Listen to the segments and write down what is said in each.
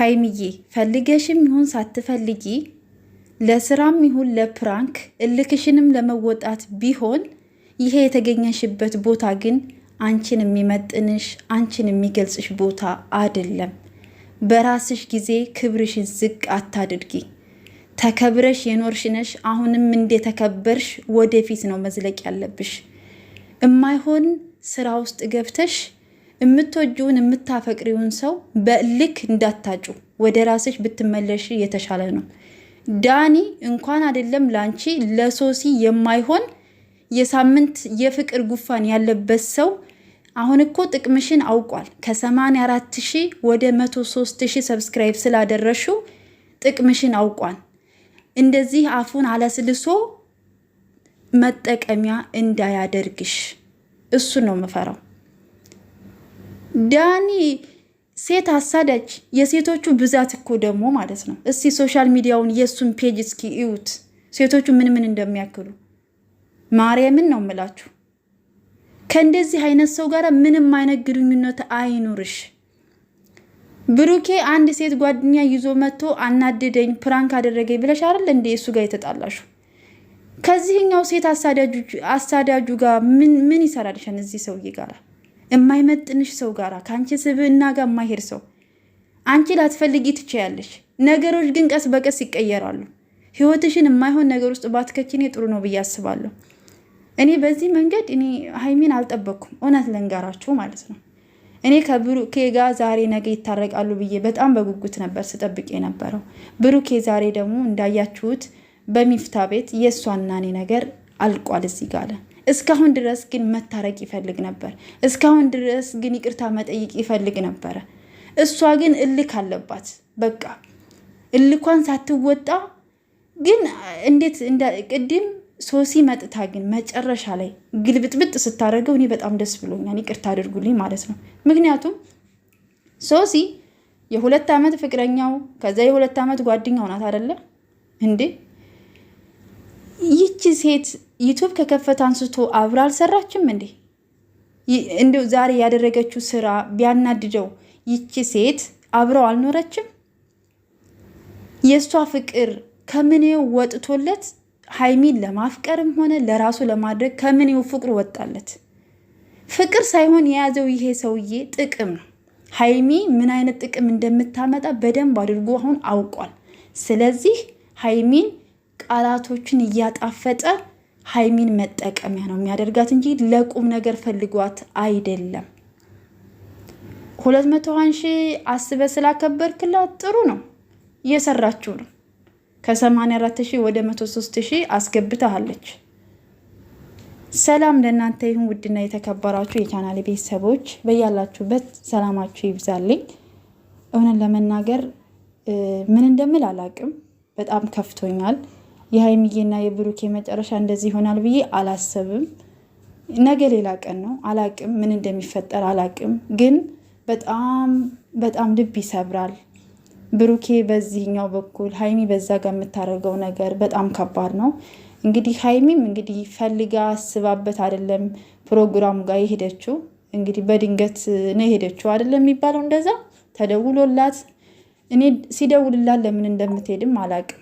ሀይሚዬ ፈልገሽም ይሁን ሳትፈልጊ ለስራም ይሁን ለፕራንክ እልክሽንም ለመወጣት ቢሆን ይሄ የተገኘሽበት ቦታ ግን አንቺን የሚመጥንሽ አንቺን የሚገልጽሽ ቦታ አይደለም። በራስሽ ጊዜ ክብርሽን ዝቅ አታድርጊ። ተከብረሽ የኖርሽ ነሽ። አሁንም እንደተከበርሽ ወደፊት ነው መዝለቅ ያለብሽ። እማይሆን ስራ ውስጥ ገብተሽ የምትወጂውን የምታፈቅሪውን ሰው በልክ እንዳታጩ ወደ ራስሽ ብትመለሽ የተሻለ ነው። ዳኒ እንኳን አይደለም ላንቺ ለሶሲ የማይሆን የሳምንት የፍቅር ጉፋን ያለበት ሰው አሁን እኮ ጥቅምሽን አውቋል። ከ84 ሺህ ወደ 103 ሺህ ሰብስክራይብ ስላደረሹ ጥቅምሽን አውቋል። እንደዚህ አፉን አለስልሶ መጠቀሚያ እንዳያደርግሽ እሱ ነው የምፈራው። ዳኒ ሴት አሳዳጅ የሴቶቹ ብዛት እኮ ደግሞ ማለት ነው። እስቲ ሶሻል ሚዲያውን የእሱን ፔጅ እስኪ እዩት፣ ሴቶቹ ምን ምን እንደሚያክሉ ማርያምን ነው ምላችሁ? ከእንደዚህ አይነት ሰው ጋር ምንም አይነት ግንኙነት አይኑርሽ። ብሩኬ አንድ ሴት ጓደኛ ይዞ መጥቶ አናደደኝ፣ ፕራንክ አደረገኝ ብለሽ አይደል እንዴ እሱ ጋር የተጣላሹ? ከዚህኛው ሴት አሳዳጁ ጋር ምን ምን ይሰራልሻል እዚህ ሰውዬ ጋር የማይመጥንሽ ሰው ጋር ከአንቺ ስብዕና ጋር የማይሄድ ሰው አንቺ ላትፈልጊ ትችያለሽ። ነገሮች ግን ቀስ በቀስ ይቀየራሉ። ህይወትሽን የማይሆን ነገር ውስጥ ባትከችን ጥሩ ነው ብዬ አስባለሁ። እኔ በዚህ መንገድ እኔ ሀይሚን አልጠበቅኩም፣ እውነት ልንገራችሁ ማለት ነው። እኔ ከብሩኬ ጋር ዛሬ ነገ ይታረቃሉ ብዬ በጣም በጉጉት ነበር ስጠብቅ የነበረው። ብሩኬ ዛሬ ደግሞ እንዳያችሁት በሚፍታ ቤት የእሷና እኔ ነገር አልቋል እዚህ ጋር እስካሁን ድረስ ግን መታረቅ ይፈልግ ነበር። እስካሁን ድረስ ግን ይቅርታ መጠየቅ ይፈልግ ነበረ። እሷ ግን እልክ አለባት። በቃ እልኳን ሳትወጣ ግን እንዴት ቅድም ሶሲ መጥታ ግን መጨረሻ ላይ ግልብጥብጥ ስታደርገው እኔ በጣም ደስ ብሎኛል። ይቅርታ አድርጉልኝ ማለት ነው። ምክንያቱም ሶሲ የሁለት ዓመት ፍቅረኛው ከዛ የሁለት ዓመት ጓደኛው ናት አደለ እንዴ? ይቺ ሴት ዩቱብ ከከፈት አንስቶ አብራ አልሰራችም እንዴ? እንዲሁ ዛሬ ያደረገችው ስራ ቢያናድደው ይቺ ሴት አብረው አልኖረችም። የእሷ ፍቅር ከምኔው ወጥቶለት ሀይሚን ለማፍቀርም ሆነ ለራሱ ለማድረግ ከምኔው ፍቅሩ ወጣለት። ፍቅር ሳይሆን የያዘው ይሄ ሰውዬ ጥቅም ነው። ሀይሚ ምን አይነት ጥቅም እንደምታመጣ በደንብ አድርጎ አሁን አውቋል። ስለዚህ ሀይሚን ቃላቶችን እያጣፈጠ ሀይሚን መጠቀሚያ ነው የሚያደርጋት እንጂ ለቁም ነገር ፈልጓት አይደለም። ሁለት መቶ ሺ አስበ ስላከበርክላት ጥሩ ነው፣ እየሰራችው ነው። ከ84 ሺ ወደ 103 ሺ አስገብታሃለች። ሰላም ለእናንተ ይሁን ውድና የተከበራችሁ የቻናል ቤተሰቦች፣ በያላችሁበት ሰላማችሁ ይብዛልኝ። እውነን ለመናገር ምን እንደምል አላቅም። በጣም ከፍቶኛል። የሀይሚዬና የብሩኬ መጨረሻ እንደዚህ ይሆናል ብዬ አላሰብም። ነገ ሌላ ቀን ነው። አላቅም፣ ምን እንደሚፈጠር አላቅም። ግን በጣም በጣም ልብ ይሰብራል። ብሩኬ በዚህኛው በኩል ሀይሚ በዛ ጋር የምታደርገው ነገር በጣም ከባድ ነው። እንግዲህ ሀይሚም እንግዲህ ፈልጋ አስባበት አይደለም ፕሮግራሙ ጋር የሄደችው እንግዲህ በድንገት ነው የሄደችው አይደለም የሚባለው እንደዛ ተደውሎላት እኔ ሲደውልላት ለምን እንደምትሄድም አላቅም።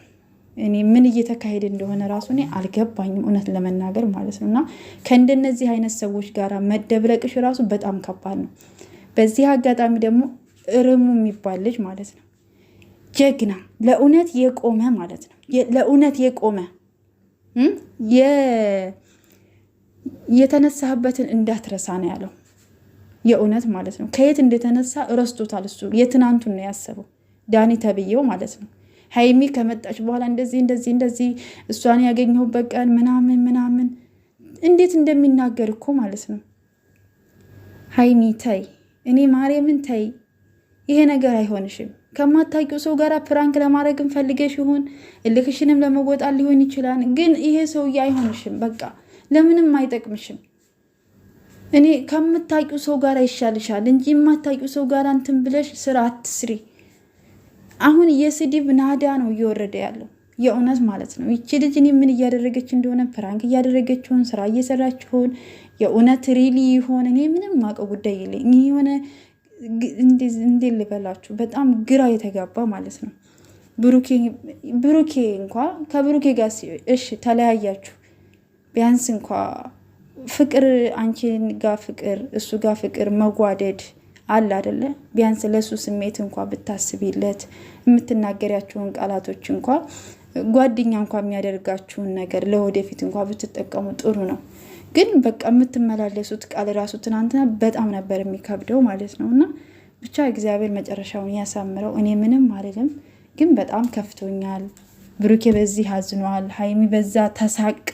እኔ ምን እየተካሄደ እንደሆነ ራሱ እኔ አልገባኝም፣ እውነት ለመናገር ማለት ነው። እና ከእንደነዚህ አይነት ሰዎች ጋር መደብለቅሽ ራሱ በጣም ከባድ ነው። በዚህ አጋጣሚ ደግሞ እርሙ የሚባል ልጅ ማለት ነው ጀግና፣ ለእውነት የቆመ ማለት ነው፣ ለእውነት የቆመ የተነሳህበትን እንዳትረሳ ነው ያለው። የእውነት ማለት ነው። ከየት እንደተነሳ እረስቶታል። እሱ የትናንቱን ነው ያሰበው ዳኒ ተብዬው ማለት ነው። ሀይሚ ከመጣች በኋላ እንደዚህ እንደዚህ እንደዚህ እሷን ያገኘሁበት ቀን ምናምን ምናምን እንዴት እንደሚናገር እኮ ማለት ነው። ሀይሚ ተይ፣ እኔ ማርያምን ተይ፣ ይሄ ነገር አይሆንሽም። ከማታውቂው ሰው ጋር ፕራንክ ለማድረግ ፈልገሽ ይሁን እልክሽንም ለመወጣት ሊሆን ይችላል፣ ግን ይሄ ሰውዬ አይሆንሽም። በቃ ለምንም አይጠቅምሽም። እኔ ከምታውቂው ሰው ጋር ይሻልሻል እንጂ የማታውቂው ሰው ጋር እንትን ብለሽ ስራ አትስሪ። አሁን የስድብ ናዳ ነው እየወረደ ያለው የእውነት ማለት ነው። ይቺ ልጅ እኔ ምን እያደረገች እንደሆነ ፕራንክ እያደረገችውን ስራ እየሰራችሁን የእውነት ሪሊ ይሆን እኔ ምንም ማቀ ጉዳይ የለኝ። እኔ የሆነ እንዴ ልበላችሁ በጣም ግራ የተጋባ ማለት ነው። ብሩኬ እንኳ ከብሩኬ ጋር እሺ ተለያያችሁ፣ ቢያንስ እንኳ ፍቅር አንቺን ጋር ፍቅር እሱ ጋር ፍቅር መጓደድ አለ አደለ? ቢያንስ ለሱ ስሜት እንኳ ብታስቢለት የምትናገሪያቸውን ቃላቶች እንኳ ጓደኛ እንኳ የሚያደርጋችሁን ነገር ለወደፊት እንኳ ብትጠቀሙ ጥሩ ነው። ግን በቃ የምትመላለሱት ቃል ራሱ ትናንትና በጣም ነበር የሚከብደው ማለት ነው። እና ብቻ እግዚአብሔር መጨረሻውን ያሳምረው። እኔ ምንም አልልም፣ ግን በጣም ከፍቶኛል። ብሩኬ በዚህ አዝኗል፣ ሀይሚ በዛ ተሳቃ፣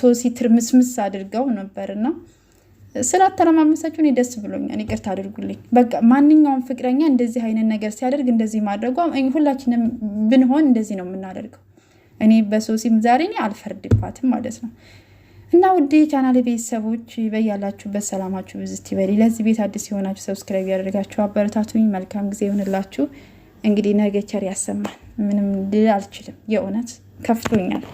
ሶሲ ትርምስምስ አድርገው ነበርና ስላተረማመሳችሁ እኔ ደስ ብሎኛል። ይቅርታ አድርጉልኝ። በቃ ማንኛውም ፍቅረኛ እንደዚህ አይነት ነገር ሲያደርግ እንደዚህ ማድረጉ ሁላችንም ብንሆን እንደዚህ ነው የምናደርገው። እኔ በሶሲም ዛሬ እኔ አልፈርድባትም ማለት ነው። እና ውድ የቻናል ቤተሰቦች በያላችሁበት ሰላማችሁ ብዝት ይበል። ለዚህ ቤት አዲስ የሆናችሁ ሰብስክራይብ ያደርጋችሁ አበረታቱኝ። መልካም ጊዜ ይሆንላችሁ። እንግዲህ ነገ ቸር ያሰማን። ምንም ልል አልችልም። የእውነት ከፍቶኛል።